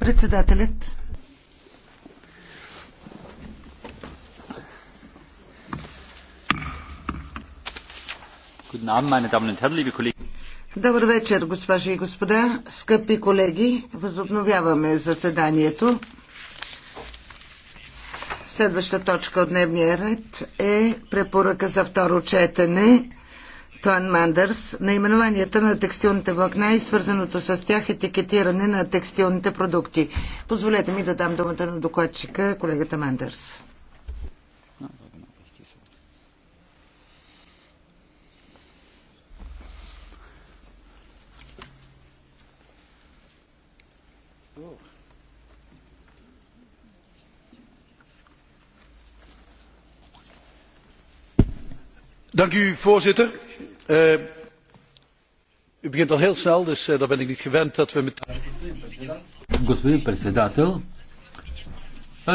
Председателят. Добър вечер, госпожи и господа, скъпи колеги. Възобновяваме заседанието. Следваща точка от дневния ред е препоръка за второ четене Тоан Мандърс. Наименованията на текстилните влакна и свързаното с тях етикетиране на текстилните продукти. Позволете ми да дам думата на докладчика, колегата Мандърс. voorzitter Господин председател, е,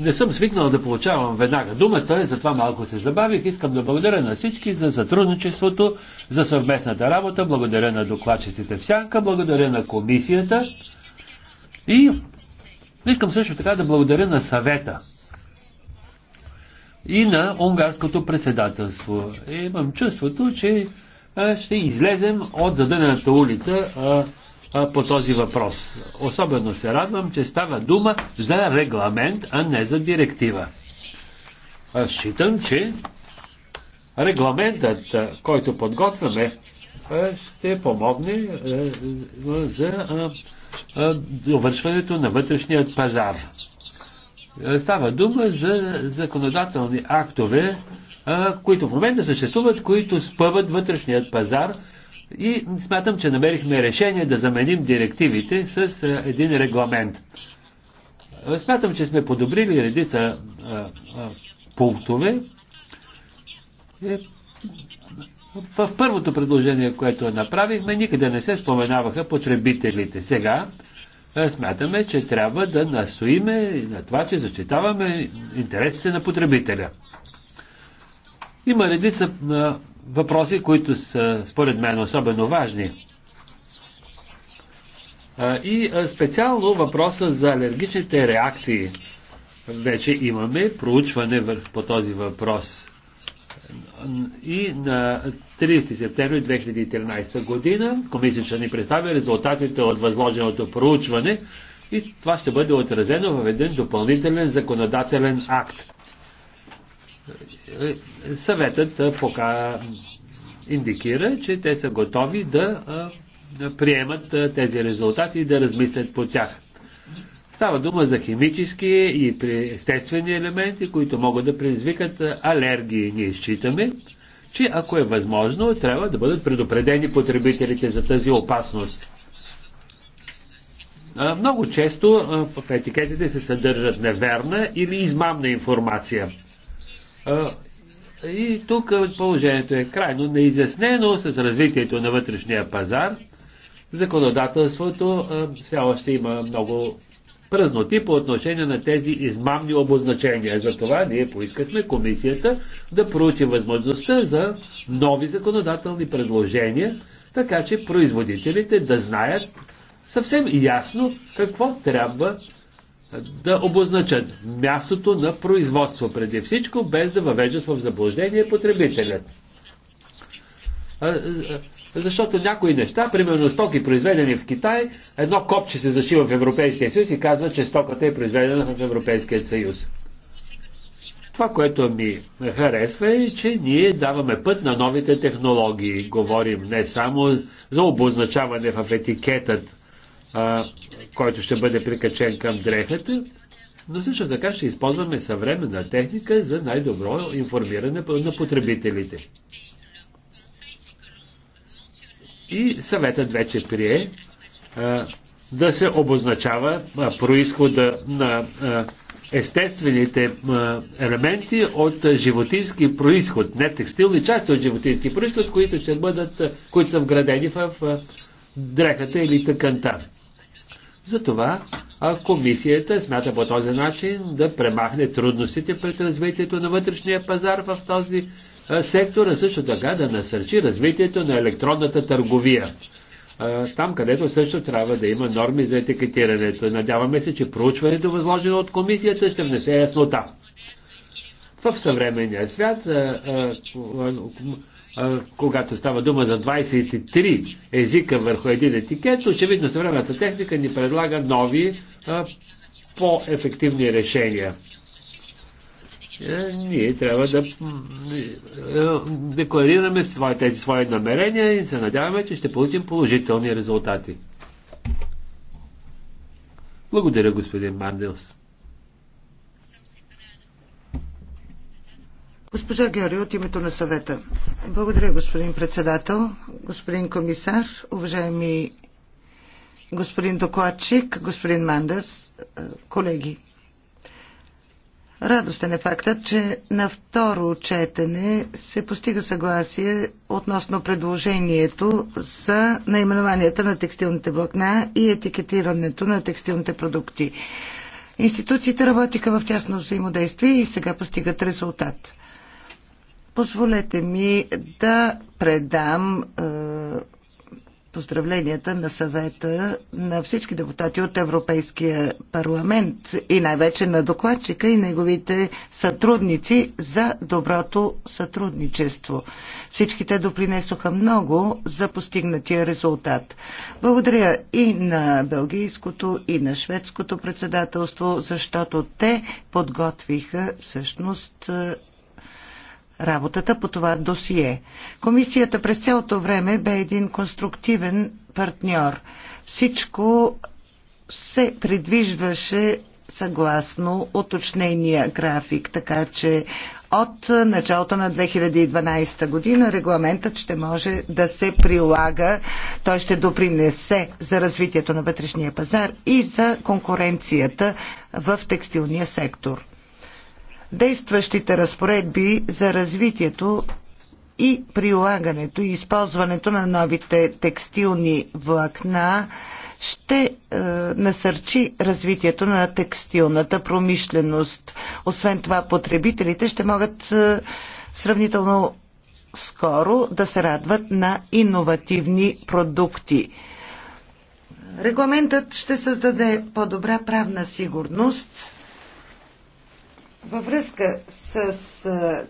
не съм свикнал да получавам веднага думата, затова малко се забавих. Искам да благодаря на всички за сътрудничеството, за съвместната работа. Благодаря на докладчиците всяка, благодаря на комисията и искам също така да благодаря на съвета и на унгарското председателство. И имам чувството, че ще излезем от задънената улица по този въпрос. Особено се радвам, че става дума за регламент, а не за директива. Аз считам, че регламентът, който подготвяме, ще помогне за довършването на вътрешният пазар. Е, става дума за законодателни актове, е, които в момента съществуват, които спъват вътрешният пазар и смятам, че намерихме решение да заменим директивите с е, един регламент. Смятам, че сме подобрили редица пунктове. В първото предложение, което направихме, никъде не се споменаваха потребителите. Сега е, смятаме, че трябва да настоиме на това, че защитаваме интересите на потребителя. Има редица въпроси, които са според мен особено важни. И специално въпроса за алергичните реакции. Вече имаме проучване по този въпрос. И на 30 септември 2013 година комисията ще ни представи резултатите от възложеното проучване и това ще бъде отразено в един допълнителен законодателен акт. Е, съветът е, пока индикира, че те са готови да е, приемат тези резултати и да размислят по тях. Става дума за химически и естествени елементи, които могат да предизвикат алергии. Ние считаме, че ако е възможно, трябва да бъдат предупредени потребителите за тази опасност. Много често в етикетите се съдържат неверна или измамна информация. И тук положението е крайно неизяснено с развитието на вътрешния пазар. Законодателството все още има много празноти по отношение на тези измамни обозначения. Затова ние поискахме комисията да проучи възможността за нови законодателни предложения, така че производителите да знаят съвсем ясно какво трябва да обозначат мястото на производство преди всичко, без да въвеждат в заблуждение потребителят. Защото някои неща, примерно стоки произведени в Китай, едно копче се зашива в Европейския съюз и казва, че стоката е произведена в Европейския съюз. Това, което ми харесва е, че ние даваме път на новите технологии. Говорим не само за обозначаване в етикетът, а, който ще бъде прикачен към дрехата, но също така ще използваме съвременна техника за най-добро информиране на потребителите. И съветът вече прие а, да се обозначава а, происхода на а, естествените а, елементи от а, животински происход, не текстилни части от животински происход, които ще бъдат, а, които са вградени в а, дрехата или тъканта. Затова а комисията смята по този начин да премахне трудностите пред развитието на вътрешния пазар в този сектора, също така да насърчи развитието на електронната търговия. Там, където също трябва да има норми за етикетирането. Надяваме се, че проучването, възложено от комисията, ще внесе яснота. В съвременния свят, когато става дума за 23 езика върху един етикет, очевидно съвременната техника ни предлага нови, по-ефективни решения. Е, ние трябва да е, декларираме тези свои намерения и се надяваме, че ще получим положителни резултати. Благодаря, господин Мандилс. Госпожа Георги от името на съвета. Благодаря, господин председател, господин комисар, уважаеми господин докладчик, господин Мандес, е, колеги. Радостен е фактът, че на второ четене се постига съгласие относно предложението за наименованията на текстилните влакна и етикетирането на текстилните продукти. Институциите работиха в тясно взаимодействие и сега постигат резултат. Позволете ми да предам е, поздравленията на съвета на всички депутати от Европейския парламент и най-вече на докладчика и неговите сътрудници за доброто сътрудничество. Всички те допринесоха много за постигнатия резултат. Благодаря и на Белгийското и на Шведското председателство, защото те подготвиха всъщност работата по това досие. Комисията през цялото време бе един конструктивен партньор. Всичко се придвижваше съгласно уточнения график, така че от началото на 2012 година регламентът ще може да се прилага, той ще допринесе за развитието на вътрешния пазар и за конкуренцията в текстилния сектор действащите разпоредби за развитието и прилагането и използването на новите текстилни влакна ще е, насърчи развитието на текстилната промишленост. Освен това, потребителите ще могат е, сравнително скоро да се радват на иновативни продукти. Регламентът ще създаде по-добра правна сигурност във връзка с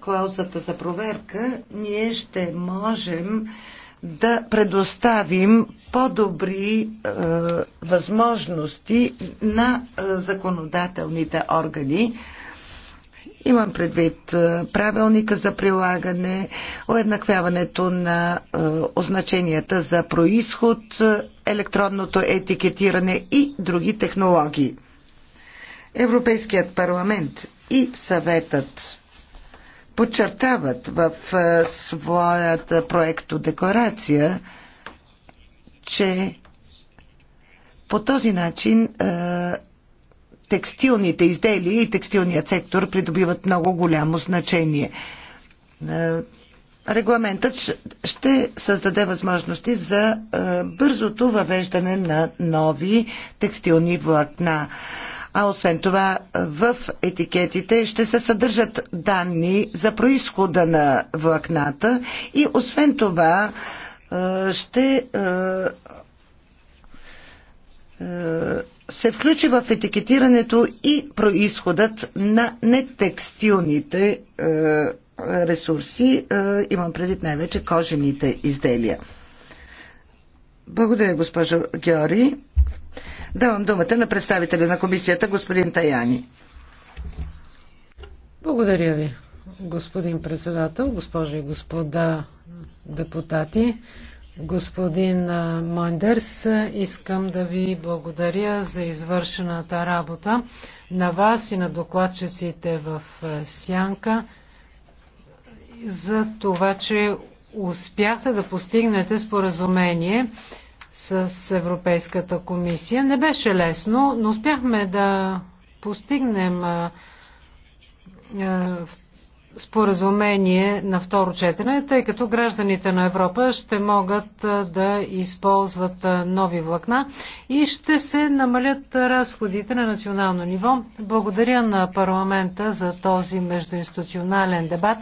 клаузата за проверка, ние ще можем да предоставим по-добри е, възможности на е, законодателните органи. Имам предвид е, правилника за прилагане, уеднаквяването на е, означенията за происход, е, електронното етикетиране и други технологии. Европейският парламент и съветът подчертават в своята проектодекларация, че по този начин текстилните изделия и текстилният сектор придобиват много голямо значение. Регламентът ще създаде възможности за бързото въвеждане на нови текстилни влакна. А освен това, в етикетите ще се съдържат данни за происхода на влакната и освен това ще се включи в етикетирането и происходът на нетекстилните ресурси, имам предвид най-вече кожените изделия. Благодаря, госпожо Георги. Давам думата на представителя на комисията, господин Таяни. Благодаря ви, господин председател, госпожи и господа депутати. Господин Мондерс, искам да ви благодаря за извършената работа на вас и на докладчиците в Сянка за това, че успяхте да постигнете споразумение с Европейската комисия. Не беше лесно, но успяхме да постигнем споразумение на второ четене, тъй като гражданите на Европа ще могат да използват нови влакна и ще се намалят разходите на национално ниво. Благодаря на парламента за този междуинституционален дебат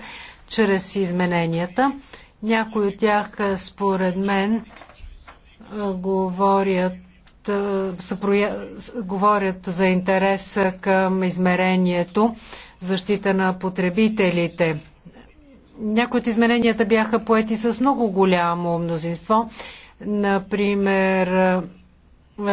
чрез измененията. Някои от тях, според мен, говорят говорят за интерес към измерението защита на потребителите. Някои от измененията бяха поети с много голямо мнозинство. Например,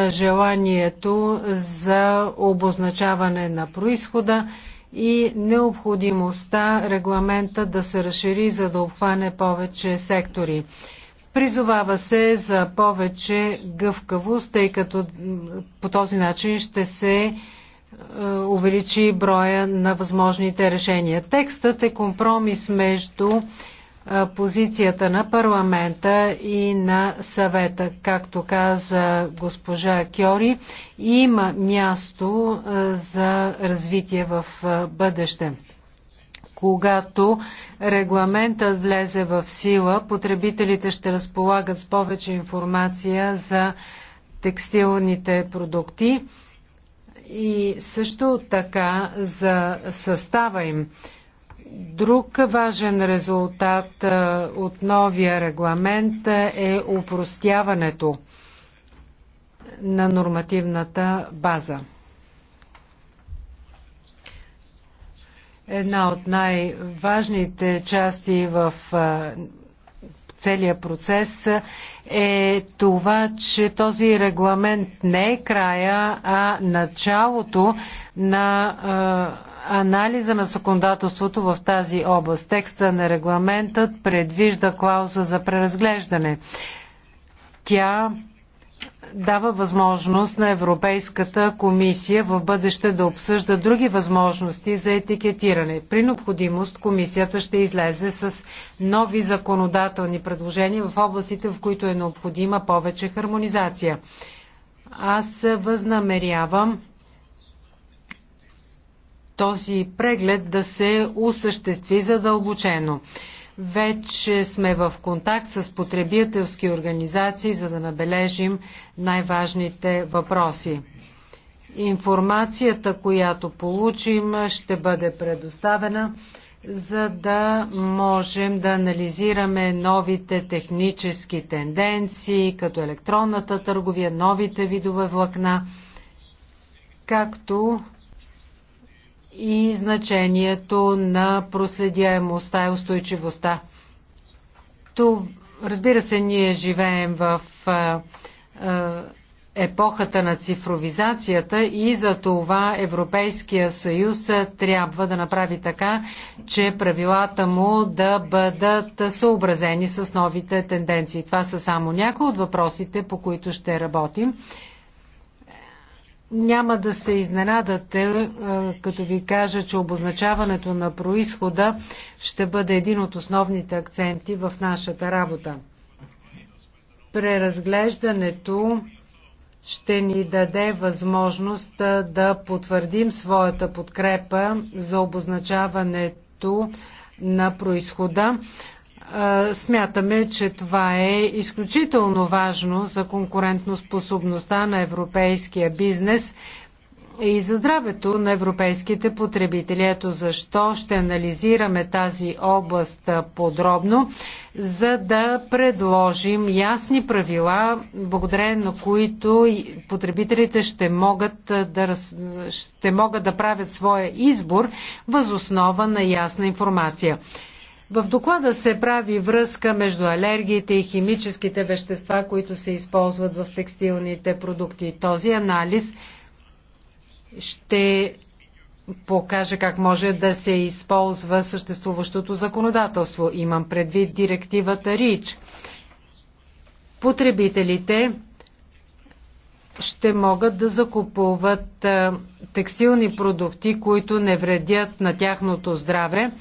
желанието за обозначаване на происхода и необходимостта регламента да се разшири, за да обхване повече сектори. Призовава се за повече гъвкавост, тъй като по този начин ще се е, увеличи броя на възможните решения. Текстът е компромис между е, позицията на парламента и на съвета. Както каза госпожа Кьори, има място е, за развитие в бъдеще когато регламентът влезе в сила, потребителите ще разполагат с повече информация за текстилните продукти и също така за състава им. Друг важен резултат от новия регламент е упростяването на нормативната база. Една от най-важните части в целия процес е това, че този регламент не е края, а началото на анализа на законодателството в тази област. Текста на регламентът предвижда клауза за преразглеждане. Тя дава възможност на Европейската комисия в бъдеще да обсъжда други възможности за етикетиране. При необходимост комисията ще излезе с нови законодателни предложения в областите, в които е необходима повече хармонизация. Аз възнамерявам този преглед да се осъществи задълбочено. Вече сме в контакт с потребителски организации, за да набележим най-важните въпроси. Информацията, която получим, ще бъде предоставена, за да можем да анализираме новите технически тенденции, като електронната търговия, новите видове влакна, както и значението на проследяемостта и устойчивостта. То, разбира се, ние живеем в епохата на цифровизацията и за това Европейския съюз трябва да направи така, че правилата му да бъдат съобразени с новите тенденции. Това са само някои от въпросите, по които ще работим. Няма да се изненадате, е, като ви кажа, че обозначаването на происхода ще бъде един от основните акценти в нашата работа. Преразглеждането ще ни даде възможност е, да потвърдим своята подкрепа за обозначаването на происхода Смятаме, че това е изключително важно за конкурентноспособността на европейския бизнес и за здравето на европейските потребители. Ето защо ще анализираме тази област подробно, за да предложим ясни правила, благодарение на които потребителите ще могат да, ще могат да правят своя избор възоснова на ясна информация. В доклада се прави връзка между алергиите и химическите вещества, които се използват в текстилните продукти. Този анализ ще покаже как може да се използва съществуващото законодателство. Имам предвид директивата РИЧ. Потребителите ще могат да закупуват текстилни продукти, които не вредят на тяхното здраве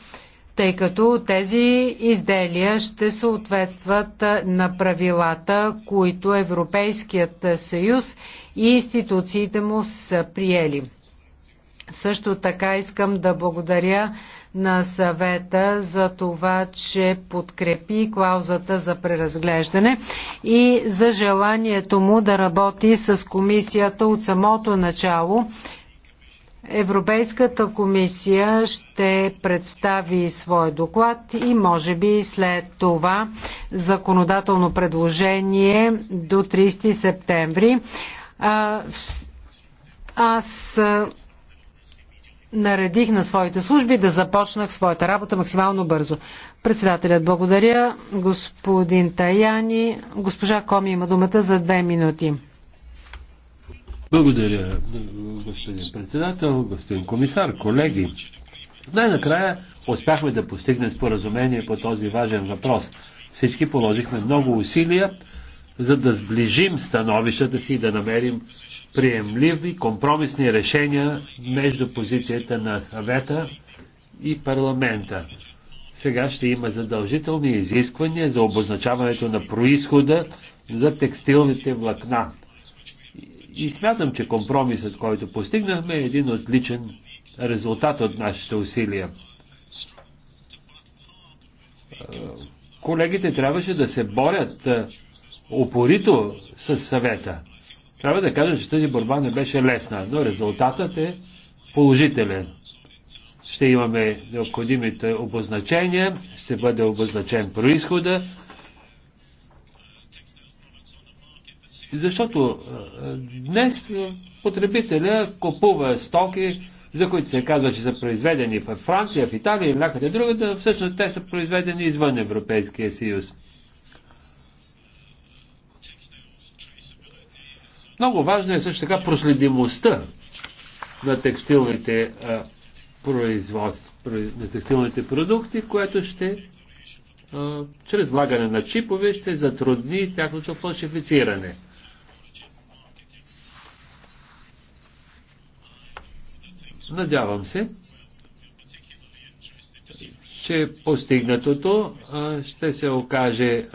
тъй като тези изделия ще съответстват на правилата, които Европейският съюз и институциите му са приели. Също така искам да благодаря на съвета за това, че подкрепи клаузата за преразглеждане и за желанието му да работи с комисията от самото начало Европейската комисия ще представи своя доклад и може би след това законодателно предложение до 30 септември. А, аз наредих на своите служби да започнах своята работа максимално бързо. Председателят благодаря. Господин Таяни, госпожа Коми има думата за две минути. Благодаря, господин председател, господин комисар, колеги. Най-накрая успяхме да постигнем споразумение по този важен въпрос. Всички положихме много усилия, за да сближим становищата си и да намерим приемливи компромисни решения между позицията на съвета и парламента. Сега ще има задължителни изисквания за обозначаването на происхода за текстилните влакна. И смятам, че компромисът, който постигнахме, е един отличен резултат от нашите усилия. Е, колегите трябваше да се борят опорито е, с съвета. Трябва да кажа, че тази борба не беше лесна, но резултатът е положителен. Ще имаме необходимите обозначения, ще бъде обозначен происхода, Защото е, днес е, потребителя купува стоки, за които се казва, че са произведени в Франция, в Италия или някъде другаде, да всъщност те са произведени извън Европейския съюз. Много важна е също така проследимостта на текстилните, а, е, на текстилните продукти, което ще а, чрез влагане на чипове ще затрудни тяхното фалшифициране. Надявам се, че постигнатото ще се окаже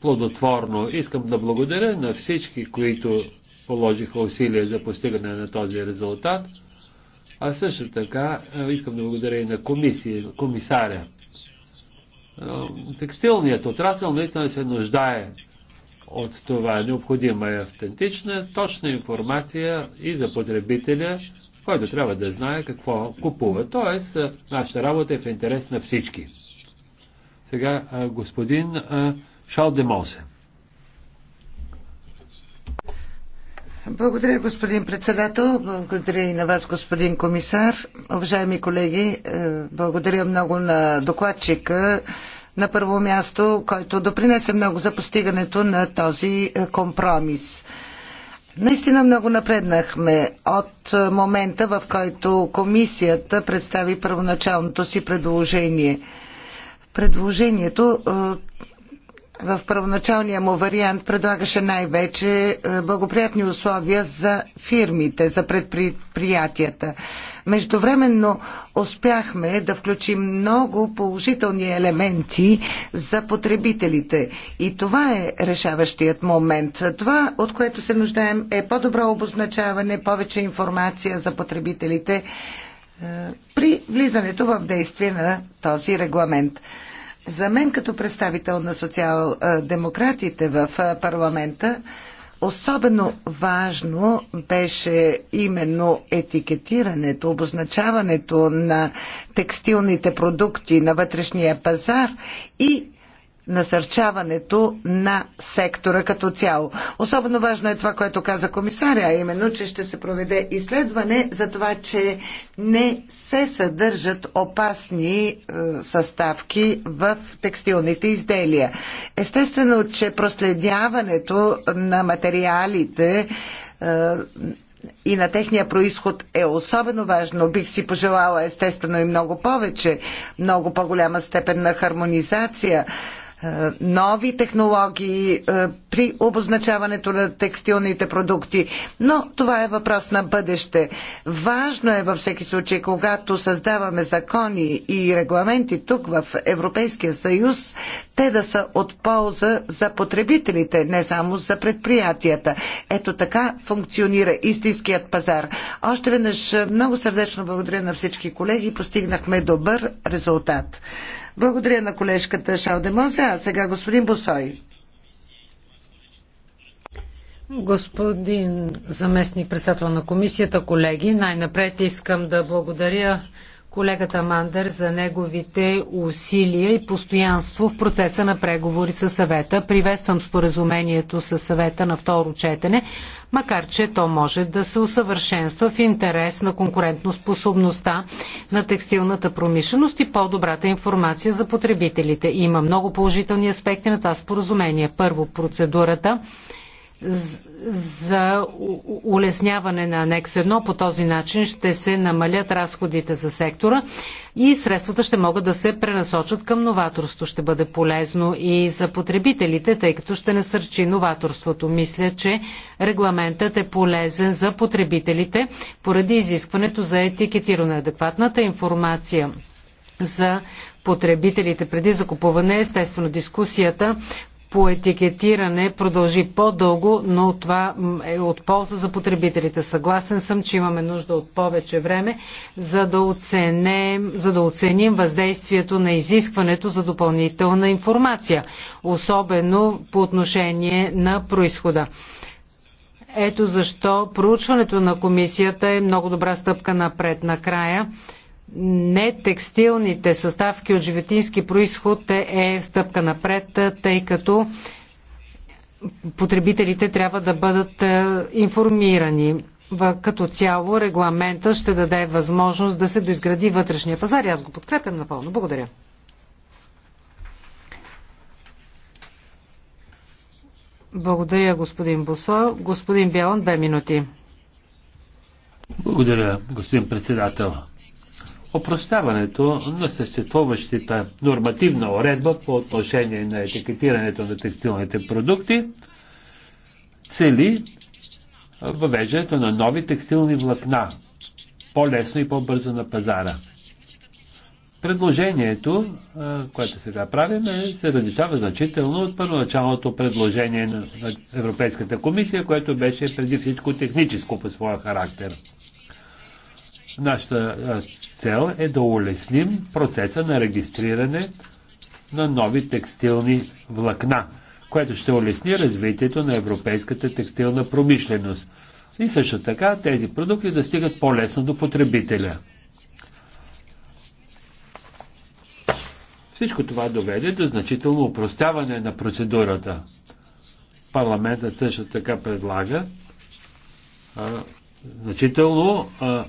плодотворно. Искам да благодаря на всички, които положиха усилия за постигане на този резултат. А също така искам да благодаря и на комисия, комисаря. Текстилният отрасъл наистина се нуждае от това. Необходима е автентична, точна информация и за потребителя, който трябва да знае какво купува. Тоест, нашата работа е в интерес на всички. Сега господин Шал Демосе. Благодаря, господин председател. Благодаря и на вас, господин комисар. Уважаеми колеги, е, благодаря много на докладчика на първо място, който допринесе много за постигането на този е, компромис. Наистина много напреднахме от момента, в който комисията представи първоначалното си предложение. Предложението в първоначалния му вариант предлагаше най-вече е, благоприятни условия за фирмите, за предприятията. Междувременно успяхме да включим много положителни елементи за потребителите. И това е решаващият момент. Това, от което се нуждаем, е по-добро обозначаване, повече информация за потребителите е, при влизането в действие на този регламент. За мен като представител на социал-демократите в парламента Особено важно беше именно етикетирането, обозначаването на текстилните продукти на вътрешния пазар и насърчаването на сектора като цяло. Особено важно е това, което каза комисаря, а именно, че ще се проведе изследване за това, че не се съдържат опасни е, съставки в текстилните изделия. Естествено, че проследяването на материалите е, и на техния происход е особено важно. Бих си пожелала естествено и много повече, много по-голяма степен на хармонизация. Е, нови технологии е, при обозначаването на текстилните продукти. Но това е въпрос на бъдеще. Важно е във всеки случай, когато създаваме закони и регламенти тук в Европейския съюз, те да са от полза за потребителите, не само за предприятията. Ето така функционира истинският пазар. Още веднъж много сърдечно благодаря на всички колеги. Постигнахме добър резултат. Благодаря на колежката Шалдемоза, а сега господин Босой. Господин заместник председател на комисията, колеги, най-напред искам да благодаря колегата Мандер за неговите усилия и постоянство в процеса на преговори със съвета. Приветствам споразумението със съвета на второ четене, макар че то може да се усъвършенства в интерес на конкурентоспособността на текстилната промишленост и по-добрата информация за потребителите. Има много положителни аспекти на това споразумение. Първо, процедурата за улесняване на анекс 1. По този начин ще се намалят разходите за сектора и средствата ще могат да се пренасочат към новаторство. Ще бъде полезно и за потребителите, тъй като ще насърчи новаторството. Мисля, че регламентът е полезен за потребителите поради изискването за етикетиране. Адекватната информация за потребителите преди закупуване. Е, естествено, дискусията по етикетиране продължи по-дълго, но това е от полза за потребителите. Съгласен съм, че имаме нужда от повече време, за да, оценем, за да оценим въздействието на изискването за допълнителна информация, особено по отношение на происхода. Ето защо проучването на комисията е много добра стъпка напред. Накрая, нетекстилните съставки от животински происход е, е стъпка напред, е, тъй като потребителите трябва да бъдат е, информирани. Като цяло регламента ще даде възможност да се доизгради вътрешния пазар. Аз го подкрепям напълно. Благодаря. Благодаря, господин Босо. Господин Бялан, две минути. Благодаря, господин председател опрощаването на съществуващата нормативна уредба по отношение на етикетирането на текстилните продукти цели въвеждането на нови текстилни влакна по-лесно и по-бързо на пазара. Предложението, което сега правим, е, се различава значително от първоначалното предложение на Европейската комисия, което беше преди всичко техническо по своя характер. Нашата цел е да улесним процеса на регистриране на нови текстилни влакна, което ще улесни развитието на европейската текстилна промишленост. И също така тези продукти да стигат по-лесно до потребителя. Всичко това доведе до значително упростяване на процедурата. Парламентът също така предлага а, значително а,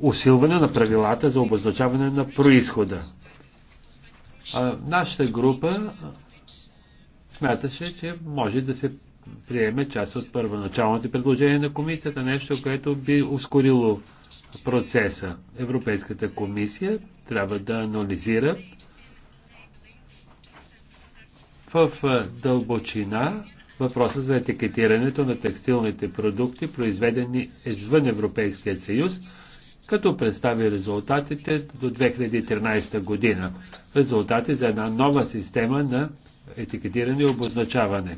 усилване на правилата за обозначаване на происхода. А, нашата група смяташе, че може да се приеме част от първоначалните предложения на комисията, нещо, което би ускорило процеса. Европейската комисия трябва да анализира в дълбочина въпроса за етикетирането на текстилните продукти, произведени извън Европейския съюз, като представи резултатите до 2013 година. Резултати за една нова система на етикетиране и обозначаване.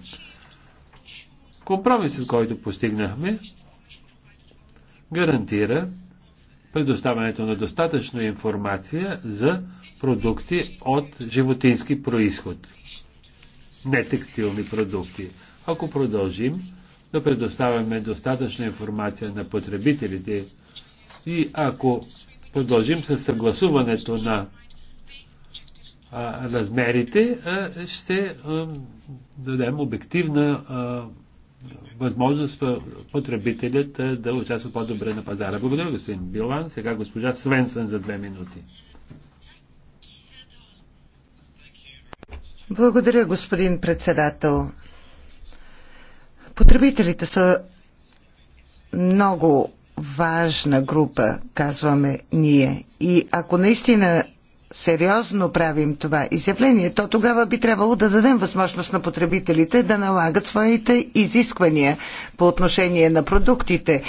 Компромисът, който постигнахме, гарантира предоставянето на достатъчно информация за продукти от животински происход. Не текстилни продукти ако продължим да предоставяме достатъчна информация на потребителите и ако продължим с съгласуването на а, размерите, а, ще а, дадем обективна а, възможност потребителят а, да участва по-добре на пазара. Благодаря, господин Билан. Сега госпожа Свенсън за две минути. Благодаря, господин председател. Потребителите са много важна група, казваме ние. И ако наистина сериозно правим това изявление, то тогава би трябвало да дадем възможност на потребителите да налагат своите изисквания по отношение на продуктите,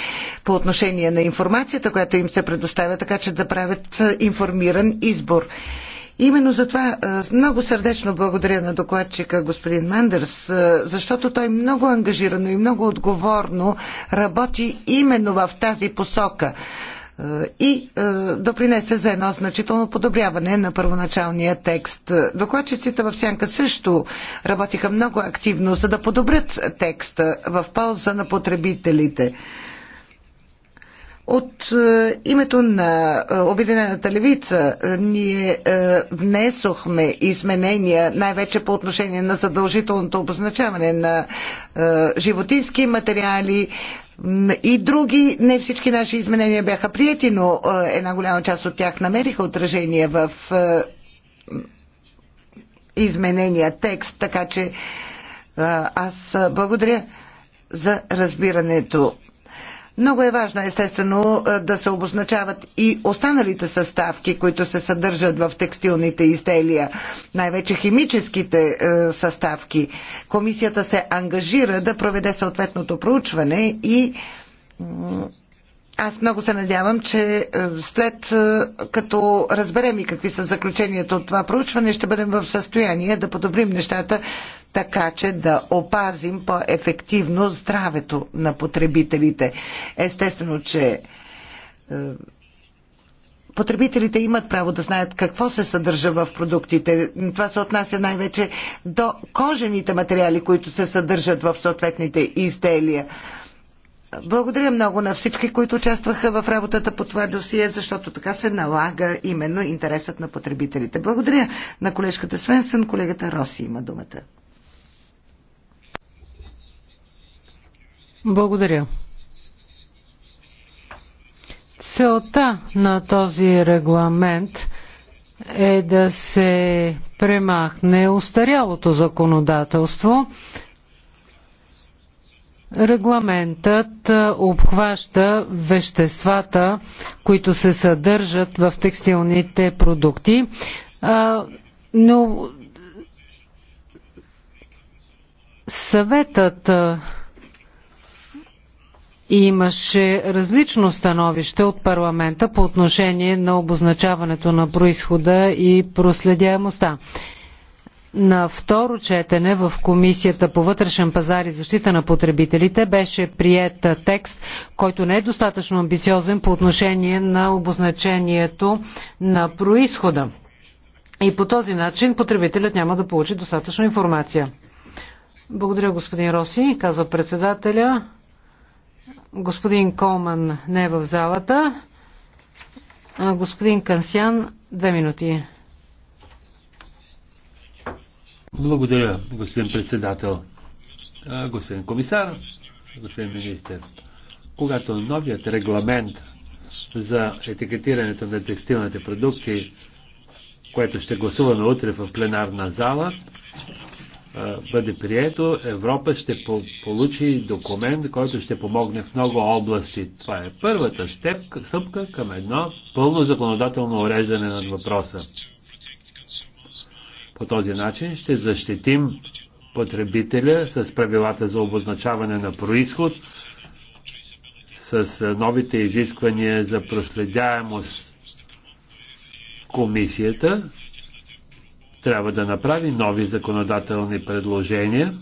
по отношение на информацията, която им се предоставя, така че да правят информиран избор. Именно за това много сърдечно благодаря на докладчика господин Мандърс, защото той много ангажирано и много отговорно работи именно в тази посока и допринесе за едно значително подобряване на първоначалния текст. Докладчиците в Сянка също работиха много активно, за да подобрят текста в полза на потребителите. От е, името на е, Обединената левица е, ние внесохме изменения най-вече по отношение на задължителното обозначаване на животински материали и други. Не всички наши изменения бяха прияти, но една голяма част от тях намериха отражение в изменения текст, така че аз благодаря за разбирането много е важно, естествено, е, да се обозначават и останалите съставки, които се съдържат в текстилните изделия, най-вече химическите е, съставки. Комисията се ангажира да проведе съответното проучване и аз много се надявам, че е, след е, като разберем и какви са заключенията от това проучване, ще бъдем в състояние да подобрим нещата, така че да опазим по-ефективно здравето на потребителите. Естествено, че е, потребителите имат право да знаят какво се съдържа в продуктите. Това се отнася най-вече до кожените материали, които се съдържат в съответните изделия. Благодаря много на всички, които участваха в работата по това досие, защото така се налага именно интересът на потребителите. Благодаря на колежката Свенсън, колегата Роси има думата. Благодаря. Целта на този регламент е да се премахне устарялото законодателство, Регламентът обхваща веществата, които се съдържат в текстилните продукти, но съветът имаше различно становище от парламента по отношение на обозначаването на происхода и проследяемостта на второ четене в Комисията по вътрешен пазар и защита на потребителите беше прият текст, който не е достатъчно амбициозен по отношение на обозначението на происхода. И по този начин потребителят няма да получи достатъчно информация. Благодаря, господин Роси, казва председателя. Господин Колман не е в залата. Господин Кансян, две минути. Благодаря, господин председател. Господин комисар, господин министр, когато новият регламент за етикетирането на текстилните продукти, което ще гласуваме утре в пленарна зала, бъде прието, Европа ще по- получи документ, който ще помогне в много области. Това е първата стъпка към едно пълно законодателно уреждане на въпроса. По този начин ще защитим потребителя с правилата за обозначаване на происход, с новите изисквания за проследяемост. Комисията трябва да направи нови законодателни предложения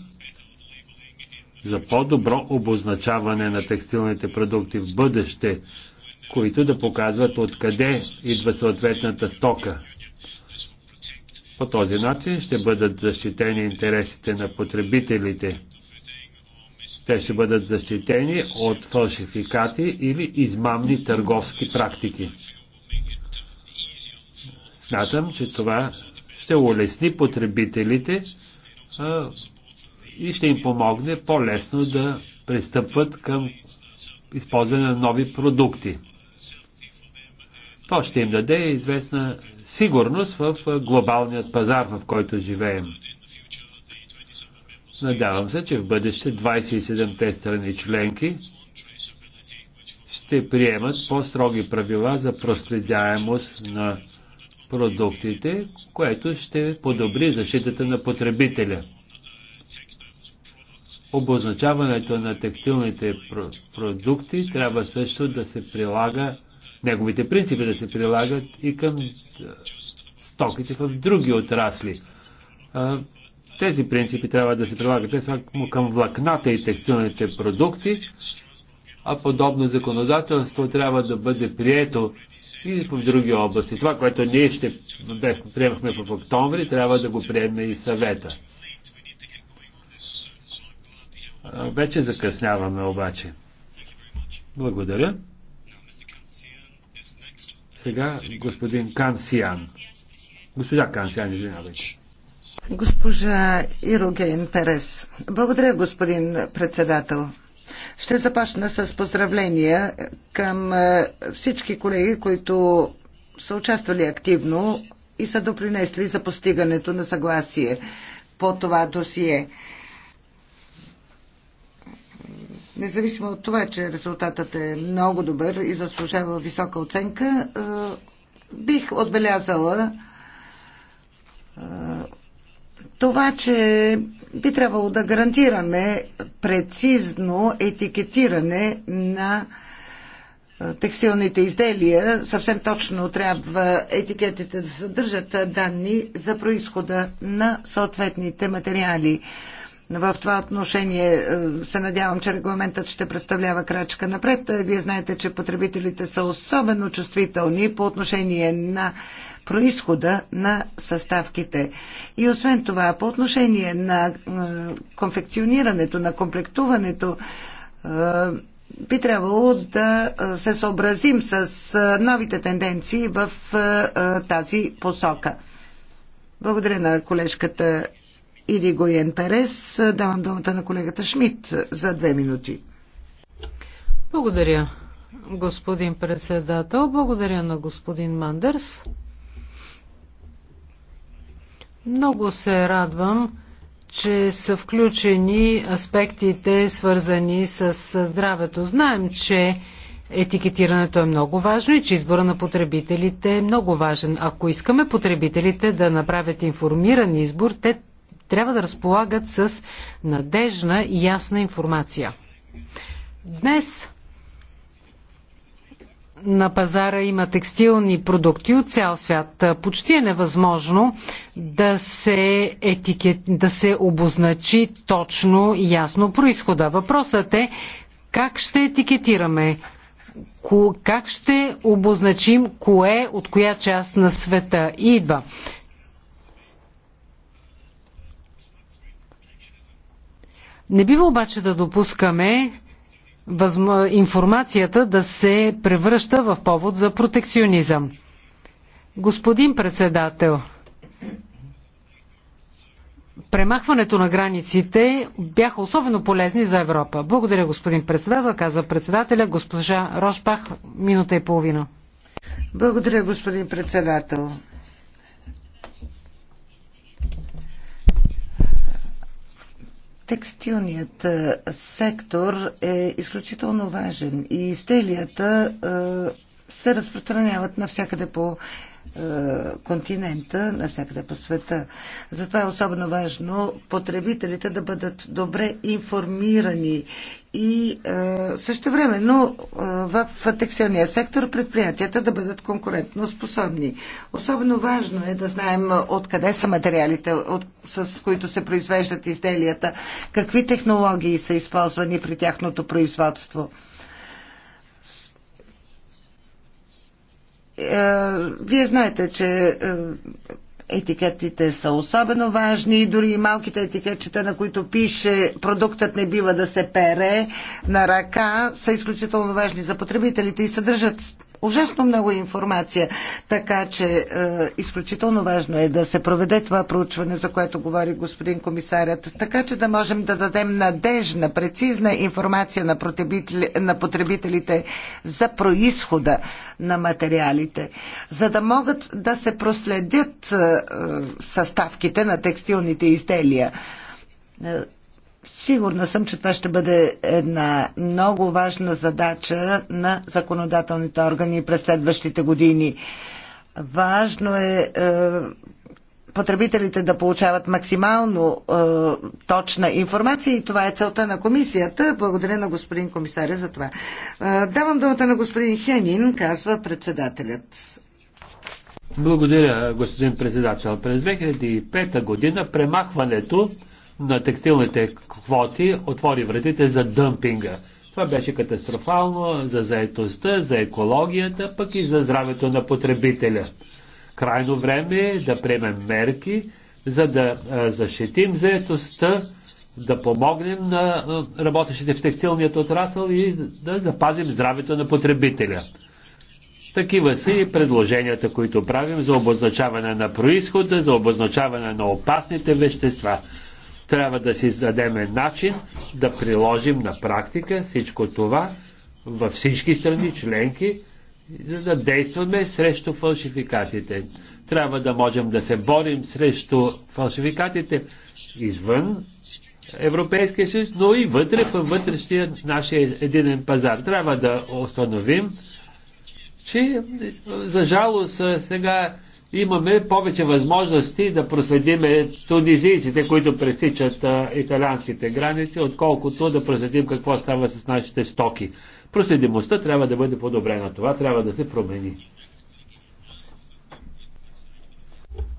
за по-добро обозначаване на текстилните продукти в бъдеще, които да показват откъде идва съответната стока. По този начин ще бъдат защитени интересите на потребителите. Те ще бъдат защитени от фалшификати или измамни търговски практики. Смятам, че това ще улесни потребителите и ще им помогне по-лесно да пристъпват към използване на нови продукти. То ще им даде известна сигурност в глобалният пазар, в който живеем. Надявам се, че в бъдеще 27-те страни членки ще приемат по-строги правила за проследяемост на продуктите, което ще подобри защитата на потребителя. Обозначаването на текстилните продукти трябва също да се прилага неговите принципи да се прилагат и към стоките в други отрасли. Тези принципи трябва да се прилагат само към влакната и текстилните продукти, а подобно законодателство трябва да бъде прието и в други области. Това, което ние ще приемахме в октомври, трябва да го приеме и съвета. Вече закъсняваме обаче. Благодаря. Сега господин Кансиян. Госпожа Кансиян, извинявайте. Госпожа Ироген Перес. Благодаря, господин председател. Ще започна с поздравления към е, всички колеги, които са участвали активно и са допринесли за постигането на съгласие по това досие. Независимо от това, че резултатът е много добър и заслужава висока оценка, е, бих отбелязала е, това, че би трябвало да гарантираме прецизно етикетиране на е, текстилните изделия. Съвсем точно трябва етикетите да съдържат данни за происхода на съответните материали. В това отношение е, се надявам, че регламентът ще представлява крачка напред. Е, вие знаете, че потребителите са особено чувствителни по отношение на происхода на съставките. И освен това, по отношение на е, конфекционирането, на комплектуването, би трябвало да се съобразим с новите тенденции в тази посока. Благодаря на колежката или Гоен Перес. Давам думата на колегата Шмидт за две минути. Благодаря, господин председател. Благодаря на господин Мандърс. Много се радвам, че са включени аспектите, свързани с здравето. Знаем, че етикетирането е много важно и че избора на потребителите е много важен. Ако искаме потребителите да направят информиран избор, те трябва да разполагат с надежна и ясна информация. Днес на пазара има текстилни продукти от цял свят. Почти е невъзможно да се, етикет, да се обозначи точно и ясно происхода. Въпросът е как ще етикетираме, как ще обозначим кое от коя част на света идва. Не бива обаче да допускаме информацията да се превръща в повод за протекционизъм. Господин председател, премахването на границите бяха особено полезни за Европа. Благодаря, господин председател, каза председателя госпожа Рошпах, минута и половина. Благодаря, господин председател. Текстилният сектор е изключително важен и изделията се разпространяват навсякъде по е, континента, навсякъде по света. Затова е особено важно потребителите да бъдат добре информирани и е, също време, но е, в текстилния сектор предприятията да бъдат конкурентно способни. Особено важно е да знаем откъде са материалите, от, с които се произвеждат изделията, какви технологии са използвани при тяхното производство. Е, вие знаете, че е, етикетите са особено важни, дори и малките етикетчета, на които пише продуктът не бива да се пере на ръка, са изключително важни за потребителите и съдържат ужасно много информация, така че е, изключително важно е да се проведе това проучване, за което говори господин комисарят, така че да можем да дадем надежна, прецизна информация на, потребители, на потребителите за происхода на материалите, за да могат да се проследят е, е съставките на текстилните изделия. Е, Сигурна съм, че това ще бъде една много важна задача на законодателните органи през следващите години. Важно е, е потребителите да получават максимално е, точна информация и това е целта на комисията. Благодаря на господин комисаря за това. Е, давам думата на господин Хенин, казва председателят. Благодаря, господин председател. През 2005 година премахването на текстилните квоти отвори вратите за дъмпинга. Това беше катастрофално за заетостта, за екологията, пък и за здравето на потребителя. Крайно време е да приемем мерки, за да защитим заетостта, да помогнем на работещите в текстилният отрасъл и да запазим здравето на потребителя. Такива са и предложенията, които правим за обозначаване на происхода, за обозначаване на опасните вещества. Трябва да си дадем начин да приложим на практика всичко това във всички страни членки, за да действаме срещу фалшификатите. Трябва да можем да се борим срещу фалшификатите извън Европейския съюз, но и вътре във вътрешния нашия единен пазар. Трябва да установим, че за жалост сега имаме повече възможности да проследиме тунизийците, които пресичат а, италианските граници, отколкото да проследим какво става с нашите стоки. Проследимостта трябва да бъде подобрена. Това трябва да се промени.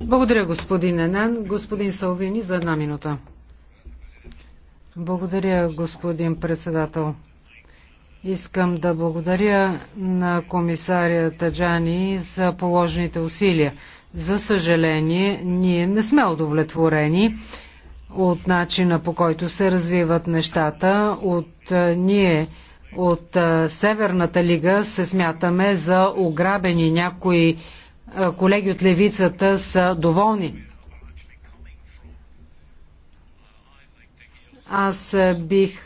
Благодаря, господин Енен. Господин Салвини, за една минута. Благодаря, господин председател. Искам да благодаря на комисаря Таджани за положените усилия. За съжаление, ние не сме удовлетворени от начина по който се развиват нещата. От е, ние от е, Северната лига се смятаме за ограбени. Някои е, колеги от левицата са доволни. Аз бих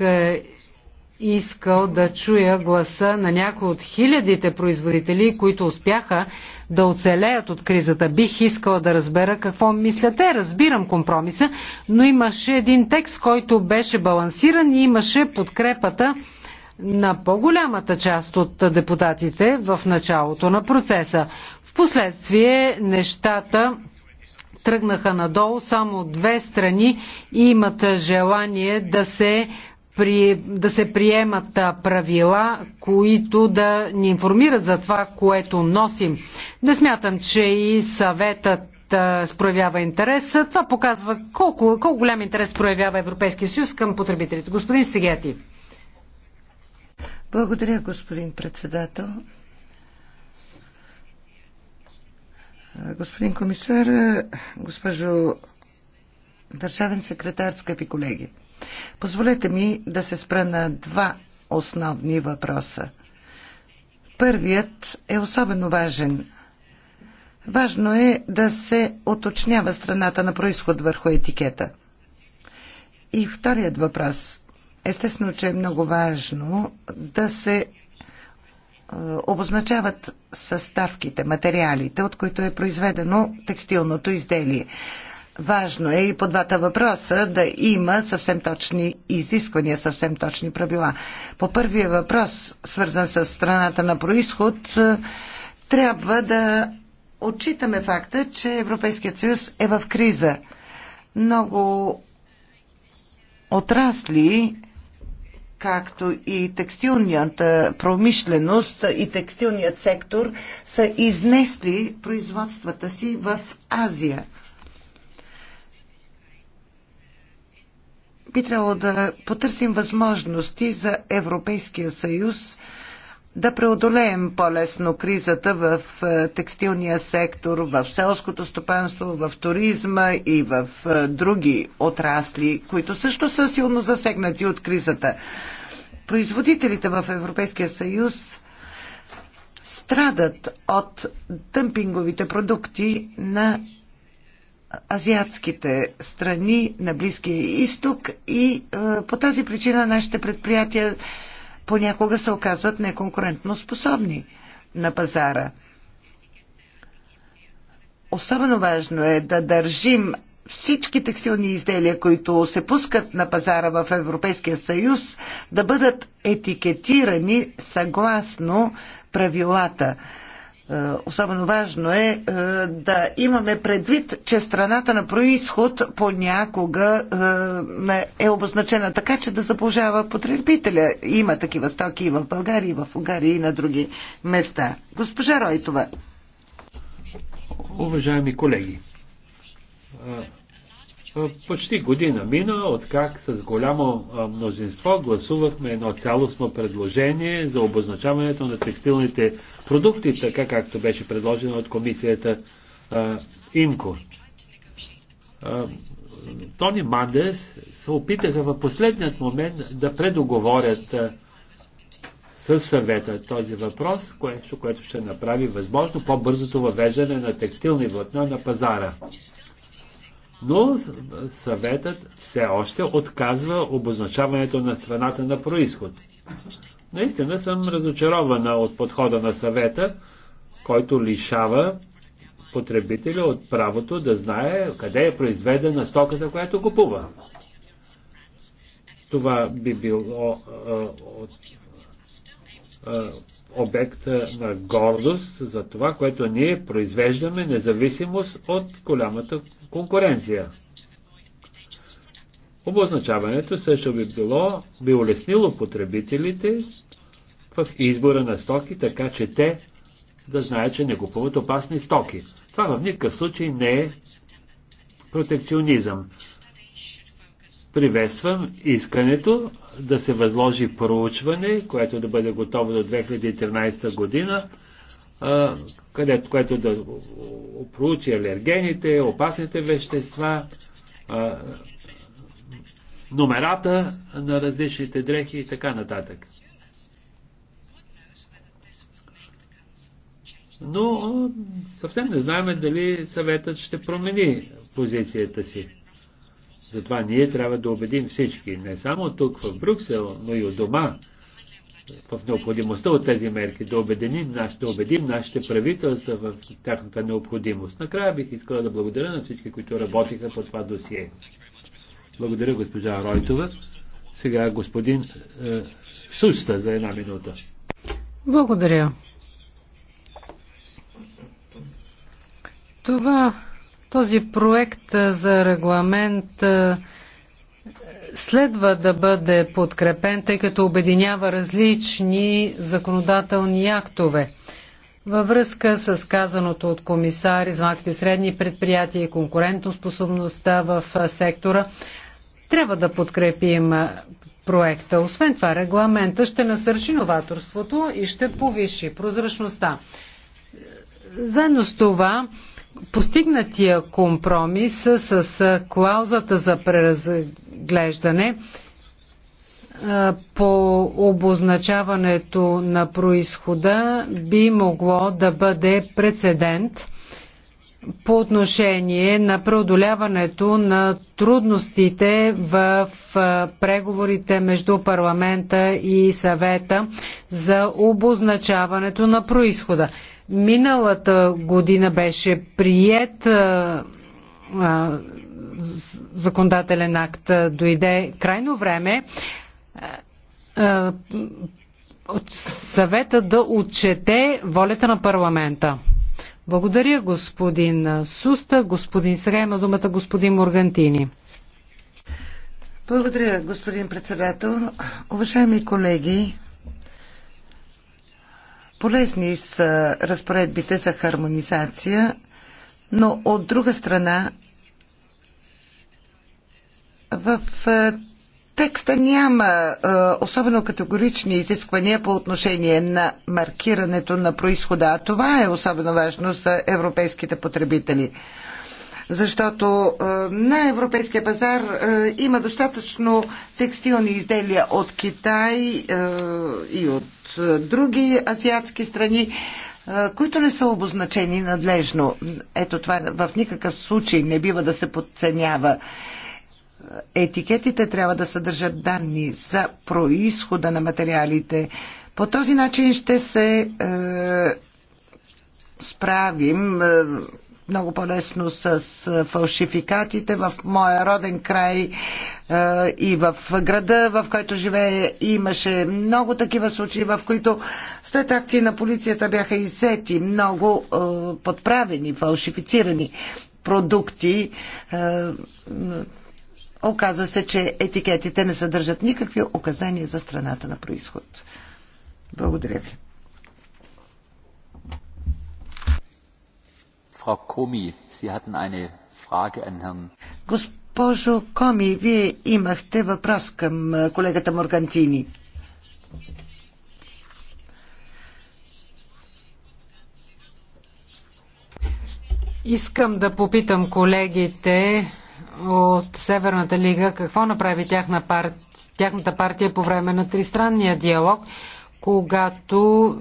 искал да чуя гласа на някои от хилядите производители, които успяха да оцелеят от кризата. Бих искала да разбера какво мислят те. Разбирам компромиса, но имаше един текст, който беше балансиран и имаше подкрепата на по-голямата част от депутатите в началото на процеса. Впоследствие нещата тръгнаха надолу, само две страни имат желание да се при, да се приемат правила, които да ни информират за това, което носим. Не смятам, че и съветът проявява интерес. Това показва колко, колко голям интерес проявява Европейския съюз към потребителите. Господин Сегети. Благодаря, господин председател. Господин комисар, госпожо държавен секретар, скъпи колеги. Позволете ми да се спра на два основни въпроса. Първият е особено важен. Важно е да се оточнява страната на происход върху етикета. И вторият въпрос. Естествено, че е много важно да се е, обозначават съставките, материалите, от които е произведено текстилното изделие. Важно е и по двата въпроса да има съвсем точни изисквания, съвсем точни правила. По първия въпрос, свързан с страната на происход, е, трябва да отчитаме факта, че Европейският съюз е в криза. Много отрасли, както и текстилната промишленост и текстилният сектор, са изнесли производствата си в Азия – би трябвало да потърсим възможности за Европейския съюз да преодолеем по-лесно кризата в е, текстилния сектор, в селското стопанство, в туризма и в е, други отрасли, които също са силно засегнати от кризата. Производителите в Европейския съюз страдат от дъмпинговите продукти на азиатските страни на Близкия изток и е, по тази причина нашите предприятия понякога се оказват неконкурентно способни на пазара. Особено важно е да държим всички текстилни изделия, които се пускат на пазара в Европейския съюз, да бъдат етикетирани съгласно правилата е, особено важно е, е да имаме предвид, че страната на происход понякога е, е обозначена така, че да заблужава потребителя. Има такива стоки и в България, и в Унгария, и на други места. Госпожа Ройтова. Уважаеми колеги, почти година мина, откак с голямо мнозинство гласувахме едно цялостно предложение за обозначаването на текстилните продукти, така както беше предложено от комисията а, ИМКО. А, Тони Мандес се опитаха в последният момент да предоговорят със с съвета този въпрос, което, което ще направи възможно по-бързото въвеждане на текстилни влакна на пазара но съветът все още отказва обозначаването на страната на происход. Наистина съм разочарована от подхода на съвета, който лишава потребителя от правото да знае къде е произведена стоката, която купува. Това би било обект на гордост за това, което ние произвеждаме, независимост от голямата конкуренция. Обозначаването също би било, би улеснило потребителите в избора на стоки, така че те да знаят, че не купуват опасни стоки. Това в никакъв случай не е протекционизъм. Приветствам искането да се възложи проучване, което да бъде готово до 2013 година, където, което да проучи алергените, опасните вещества, номерата на различните дрехи и така нататък. Но съвсем не знаем дали съветът ще промени позицията си. Затова ние трябва да убедим всички, не само тук в Брюксел, но и от дома, в необходимостта от тези мерки, да убедим, наш, да убедим нашите правителства в тяхната необходимост. Накрая бих искала да благодаря на всички, които работиха по това досие. Благодаря госпожа Ройтова. Сега господин е, Суста за една минута. Благодаря. Това този проект за регламент следва да бъде подкрепен, тъй като обединява различни законодателни актове. Във връзка с казаното от комисар из малките средни предприятия и конкурентоспособността в сектора, трябва да подкрепим проекта. Освен това, регламента ще насърчи новаторството и ще повиши прозрачността. Заедно с това, Постигнатия компромис с клаузата за преразглеждане по обозначаването на происхода би могло да бъде прецедент по отношение на преодоляването на трудностите в преговорите между парламента и съвета за обозначаването на происхода. Миналата година беше прият законодателен акт. Дойде крайно време съвета да отчете волята на парламента. Благодаря, господин Суста. Господин, сега има думата господин Моргантини. Благодаря, господин председател. Уважаеми колеги, Полезни са разпоредбите за хармонизация, но от друга страна в е, текста няма е, особено категорични изисквания по отношение на маркирането на происхода, а това е особено важно за европейските потребители защото е, на европейския пазар има достатъчно текстилни изделия от Китай и от от е, други азиатски страни, е, които не са обозначени надлежно. Ето това в никакъв случай не бива да се подценява. Етикетите трябва да съдържат данни за происхода на материалите. По този начин ще се е, справим е, много по-лесно с фалшификатите. В моя роден край е, и в града, в който живее, имаше много такива случаи, в които след акции на полицията бяха изсети много е, подправени, фалшифицирани продукти. Е, оказа се, че етикетите не съдържат никакви указания за страната на происход. Благодаря ви. Frau Sie hatten eine Frage an Herrn... Госпожо Коми, Вие имахте въпрос към колегата Моргантини. Искам да попитам колегите от Северната лига какво направи тяхна парти... тяхната партия по време на тристранния диалог, когато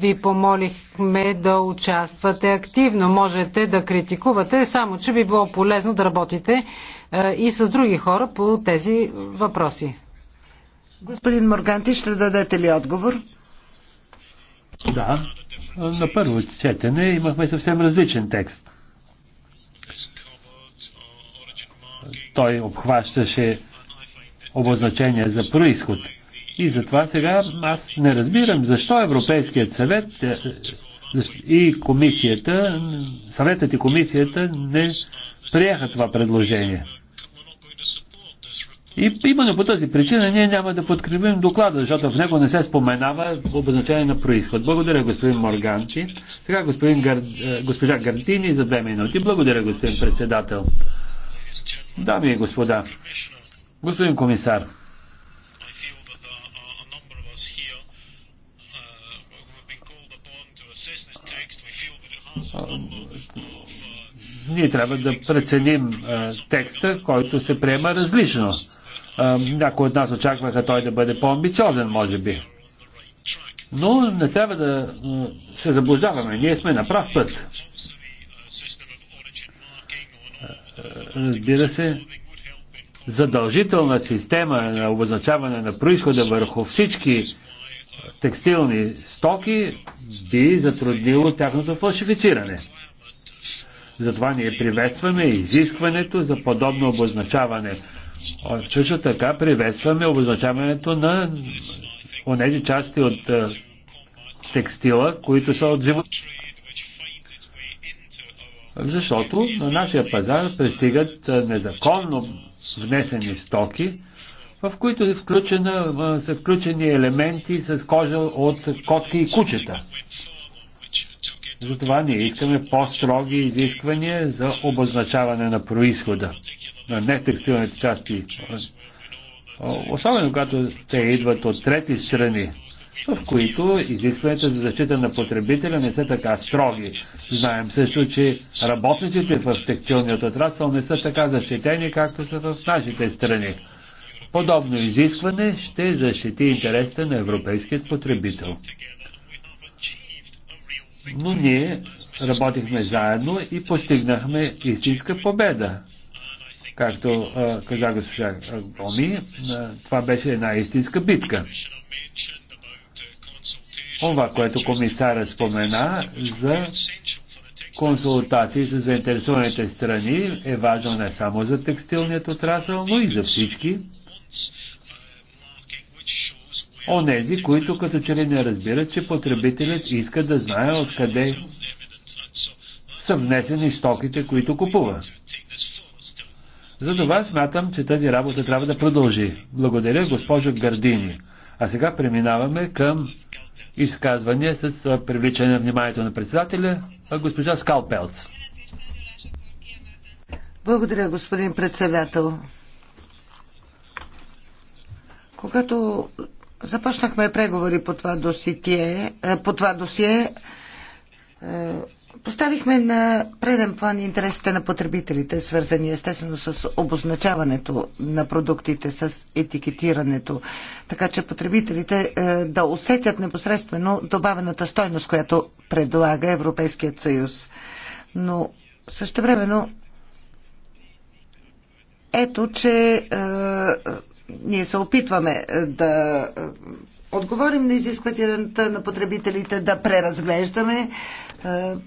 ви помолихме да участвате активно. Можете да критикувате, само че би било полезно да работите е, и с други хора по тези въпроси. Господин Морганти, ще дадете ли отговор? Да. На първо четене имахме съвсем различен текст. Той обхващаше обозначение за происход – и затова сега аз не разбирам защо Европейският съвет е, и комисията, съветът и комисията не приеха това предложение. И именно по тази причина ние няма да подкрепим доклада, защото в него не се споменава обозначение на происход. Благодаря господин Морганчи. Сега господин Гар... Е, госпожа Гардини за две минути. Благодаря господин председател. Дами и господа, господин комисар, Uh, ние трябва да преценим текста, който се приема различно. Някои от нас очакваха той да бъде по-амбициозен, може би. Но не трябва да се заблуждаваме. Ние сме на прав път. Разбира се, задължителна система на обозначаване на происхода върху всички текстилни стоки би затруднило тяхното фалшифициране. Затова ние приветстваме изискването за подобно обозначаване. Също така приветстваме обозначаването на онези части от текстила, които са от живота. Защото на нашия пазар пристигат незаконно внесени стоки, в които е включена, са включени елементи с кожа от котки и кучета. Затова ние искаме по-строги изисквания за обозначаване на происхода на нетекстилните части. Особено когато те идват от трети страни, в които изискванията за защита на потребителя не са така строги. Знаем също, че работниците в текстилният отрасъл не са така защитени, както са в нашите страни. Подобно изискване ще защити интересите на европейският потребител. Но ние работихме заедно и постигнахме истинска победа. Както а, каза госпожа Гоми, това беше една истинска битка. Това, което комисарът спомена за консултации с заинтересованите страни е важно не само за текстилният отрасъл, но и за всички е, онези, които като че ли не разбират, че потребителят иска да знае откъде са внесени стоките, които купува. Затова смятам, че тази работа трябва да продължи. Благодаря, госпожо Гардини. А сега преминаваме към изказване с привличане на вниманието на председателя, госпожа Скалпелц. Благодаря, господин председател. Когато започнахме преговори по това досие, е, по това досие е, Поставихме на преден план интересите на потребителите, свързани естествено с обозначаването на продуктите, с етикетирането, така че потребителите е, да усетят непосредствено добавената стойност, която предлага Европейският съюз. Но също времено ето, че ние се опитваме е, да е, отговорим на изискванията на потребителите, да преразглеждаме е,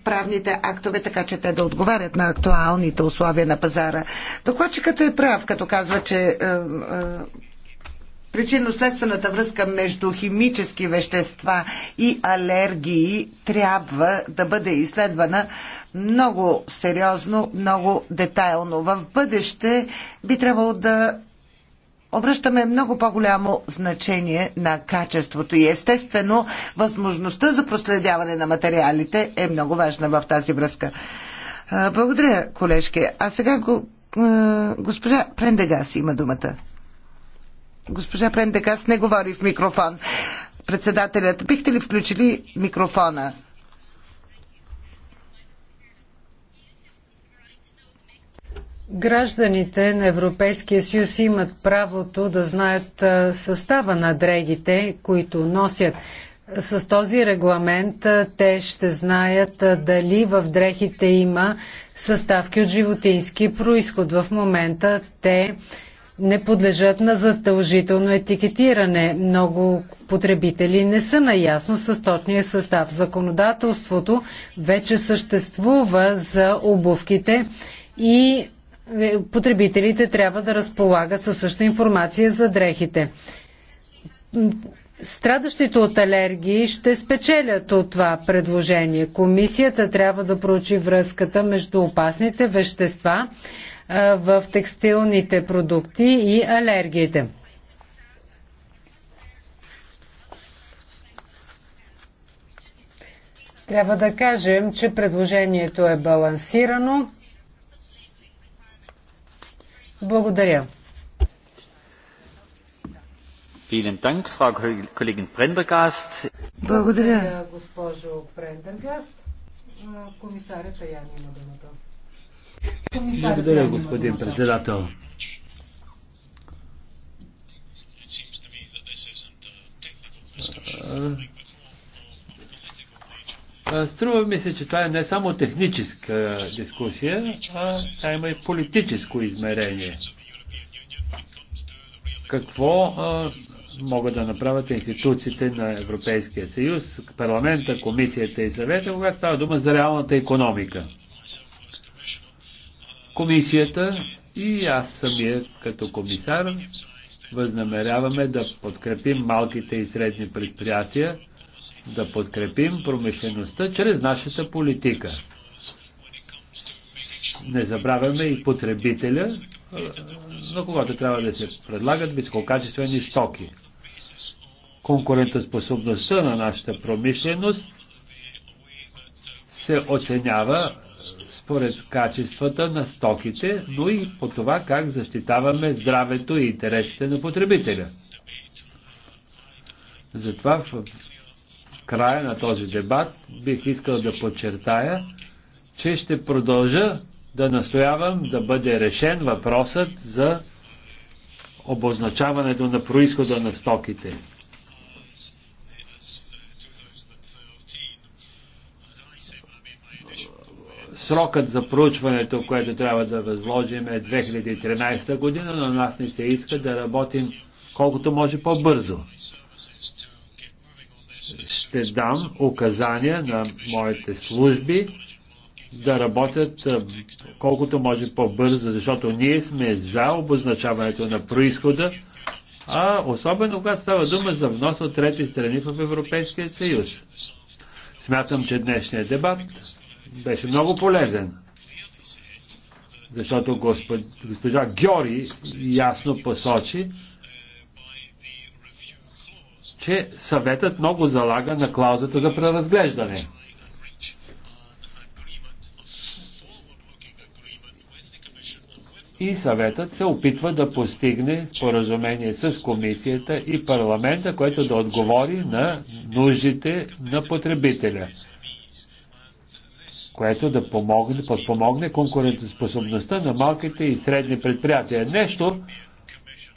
правните актове, така че те да отговарят на актуалните условия на пазара. Докладчикът е прав, като казва, че причинно-следствената връзка между химически вещества и алергии трябва да бъде изследвана много сериозно, много детайлно. В бъдеще би трябвало да обръщаме много по-голямо значение на качеството и естествено възможността за проследяване на материалите е много важна в тази връзка. Благодаря, колежки. А сега го, госпожа Прендегас има думата. Госпожа Прендегас не говори в микрофон. Председателят, бихте ли включили микрофона? Гражданите на Европейския съюз имат правото да знаят състава на дрегите, които носят. С този регламент те ще знаят дали в дрехите има съставки от животински происход. В момента те не подлежат на задължително етикетиране. Много потребители не са наясно с точния състав. Законодателството вече съществува за обувките и е, потребителите трябва да разполагат със същата информация за дрехите. Страдащите от алергии ще спечелят от това предложение. Комисията трябва да проучи връзката между опасните вещества в текстилните продукти и алергиите. Трябва да кажем, че предложението е балансирано благодаря. Благодаря, госпожо Прендергаст. Комисарят Таяни има думата. Благодаря, господин председател. Струва ми се, че това е не само техническа дискусия, а тя има и политическо измерение. Какво а, могат да направят институциите на Европейския съюз, парламента, комисията и съвета, когато става дума за реалната економика? Комисията и аз самия като комисар възнамеряваме да подкрепим малките и средни предприятия, да подкрепим промишлеността чрез нашата политика. Не забравяме и потребителя, на когато трябва да се предлагат висококачествени стоки. Конкурентоспособността на нашата промишленост се оценява според качествата на стоките, но и по това как защитаваме здравето и интересите на потребителя. Затова в края на този дебат бих искал да подчертая, че ще продължа да настоявам да бъде решен въпросът за обозначаването на происхода на стоките. Срокът за проучването, което трябва да възложим е 2013 година, но нас не се иска да работим колкото може по-бързо ще дам указания на моите служби да работят колкото може по-бързо, защото ние сме за обозначаването на происхода, а особено когато става дума за внос от трети страни в Европейския съюз. Смятам, че днешният дебат беше много полезен, защото госпожа Гьори ясно посочи, че съветът много залага на клаузата за преразглеждане. И съветът се опитва да постигне споразумение с комисията и парламента, което да отговори на нуждите на потребителя, което да помогне, подпомогне конкурентоспособността на малките и средни предприятия. Нещо,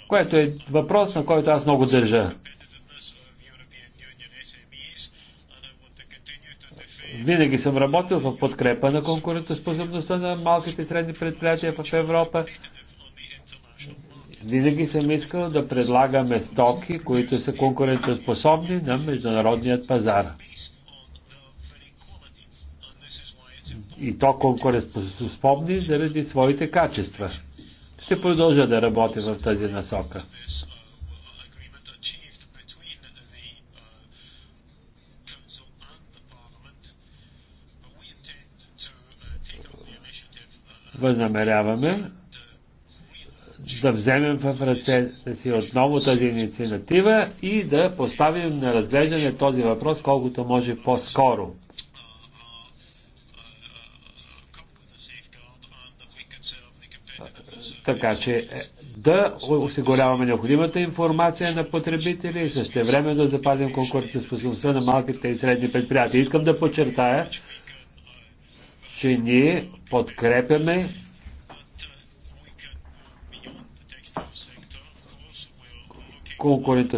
което е въпрос, на който аз много държа. винаги съм работил в подкрепа на конкурентоспособността на малките и средни предприятия в Европа. Винаги съм искал да предлагаме стоки, които са конкурентоспособни на международният пазар. И то конкурентоспособни заради своите качества. Ще продължа да работя в тази насока. възнамеряваме да вземем в ръцете си отново тази инициатива и да поставим на разглеждане този въпрос колкото може по-скоро. Така че е, да осигуряваме необходимата информация на потребители и също време да запазим конкурентоспособността на малките и средни предприятия. Искам да подчертая, че ние подкрепяме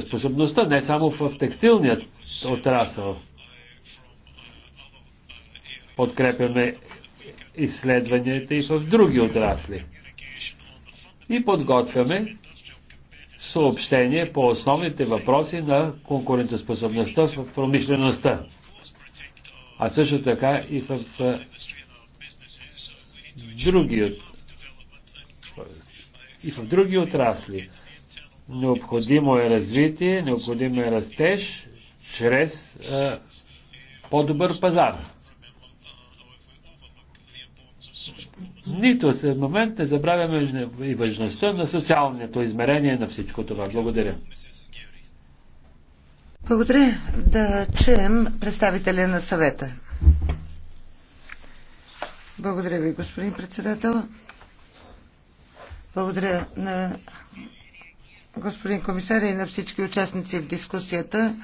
способността, не само в текстилният отрасъл. Подкрепяме изследванията и в други отрасли. И подготвяме съобщение по основните въпроси на конкурентоспособността в промишлеността, а също така и в другият, и в други отрасли. Необходимо е развитие, необходимо е растеж чрез е, по-добър пазар. Нито в момент не забравяме и важността на социалното измерение на всичко това. Благодаря. Благодаря да чуем представителя на съвета. Благодаря ви, господин председател. Благодаря на господин комисаря и на всички участници в дискусията.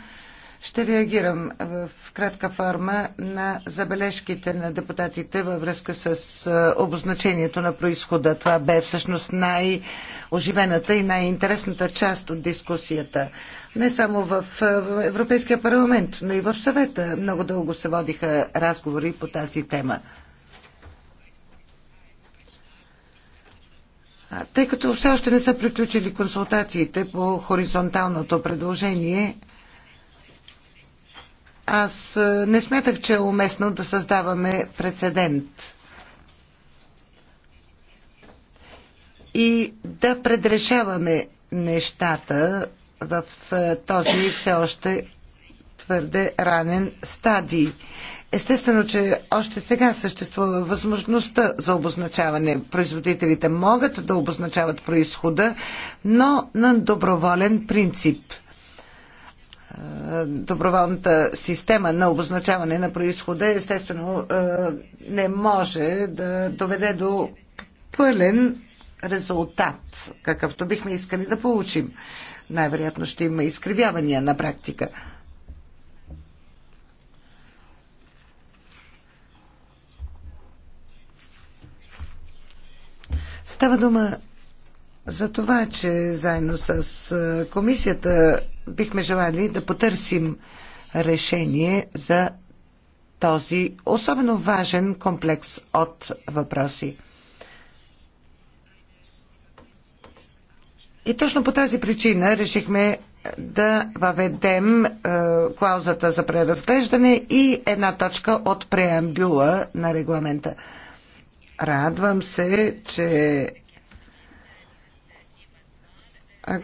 Ще реагирам в кратка форма на забележките на депутатите във връзка с обозначението на происхода. Това бе всъщност най-оживената и най-интересната част от дискусията. Не само в Европейския парламент, но и в съвета много дълго се водиха разговори по тази тема. Тъй като все още не са приключили консултациите по хоризонталното предложение, аз не смятах, че е уместно да създаваме прецедент и да предрешаваме нещата в този все още твърде ранен стадий. Естествено, че още сега съществува възможността за обозначаване. Производителите могат да обозначават происхода, но на доброволен принцип. Е, доброволната система на обозначаване на происхода естествено е, не може да доведе до пълен резултат, какъвто бихме искали да получим. Най-вероятно ще има изкривявания на практика. Става дума за това, че заедно с комисията бихме желали да потърсим решение за този особено важен комплекс от въпроси. И точно по тази причина решихме да въведем е, клаузата за преразглеждане и една точка от преамбюла на регламента. Радвам се, че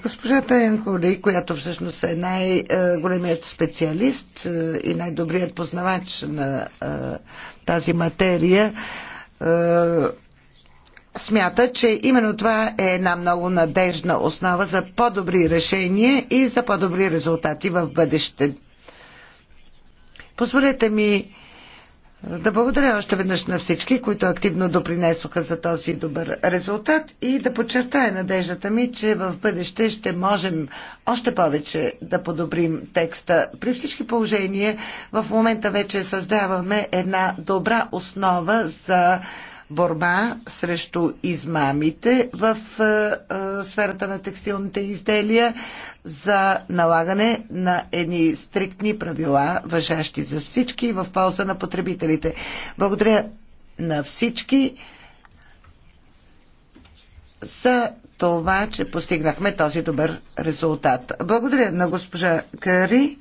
Госпожата Таянколи, която всъщност е най-големият специалист и най-добрият познавач на тази материя, смята, че именно това е една много надежна основа за по-добри решения и за по-добри резултати в бъдеще. Позволете ми да благодаря още веднъж на всички, които активно допринесоха за този добър резултат и да подчертая надеждата ми, че в бъдеще ще можем още повече да подобрим текста. При всички положения в момента вече създаваме една добра основа за борба срещу измамите в е, е, сферата на текстилните изделия, за налагане на едни стриктни правила, въжащи за всички в полза на потребителите. Благодаря на всички за това, че постигнахме този добър резултат. Благодаря на госпожа Кари.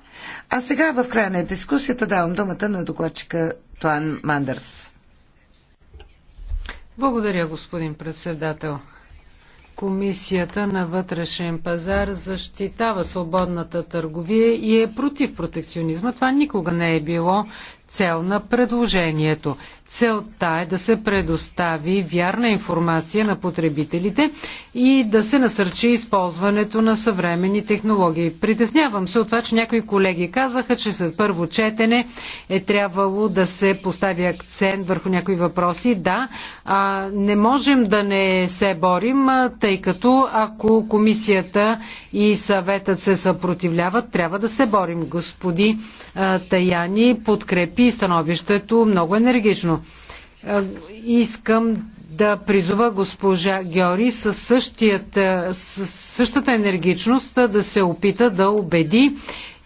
А сега в края на дискусията давам думата на докладчика Туан Мандърс. Благодаря, господин председател. Комисията на вътрешен пазар защитава свободната търговия и е против протекционизма. Това никога не е било цел на предложението. Целта е да се предостави вярна информация на потребителите и да се насърчи използването на съвремени технологии. Притеснявам се от това, че някои колеги казаха, че след първо четене е трябвало да се постави акцент върху някои въпроси. Да, а, не можем да не се борим, тъй като ако комисията и съветът се съпротивляват, трябва да се борим. Господи Таяни подкрепи подкрепи становището много енергично. Е, искам да призова госпожа Геори със е, със същата енергичност да се опита да убеди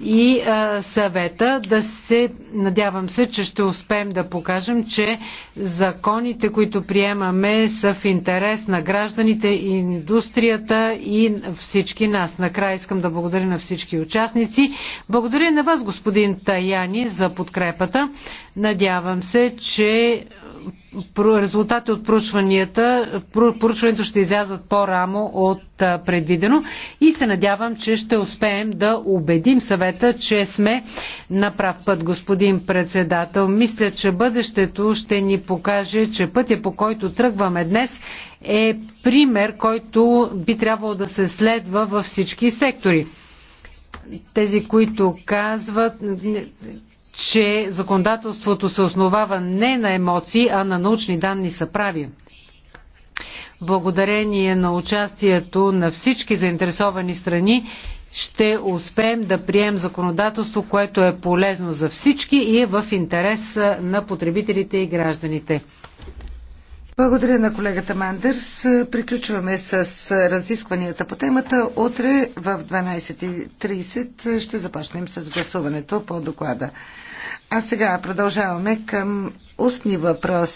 и а, е, съвета да се, надявам се, че ще успеем да покажем, че законите, които приемаме са в интерес на гражданите, индустрията и всички нас. Накрая искам да благодаря на всички участници. Благодаря на вас, господин Таяни, за подкрепата. Надявам се, че резултати от проучванията, проучването ще излязат по рамо от предвидено и се надявам, че ще успеем да убедим съвета, че сме на прав път, господин председател. Мисля, че бъдещето ще ни покаже, че пътя по който тръгваме днес е пример, който би трябвало да се следва във всички сектори тези, които казват, че законодателството се основава не на емоции, а на научни данни са прави. Благодарение на участието на всички заинтересовани страни ще успеем да прием законодателство, което е полезно за всички и е в интерес на потребителите и гражданите. Благодаря на колегата Мандърс. Приключваме с разискванията по темата. Утре в 12.30 ще започнем с гласуването по доклада. А сега продължаваме към устни въпроси.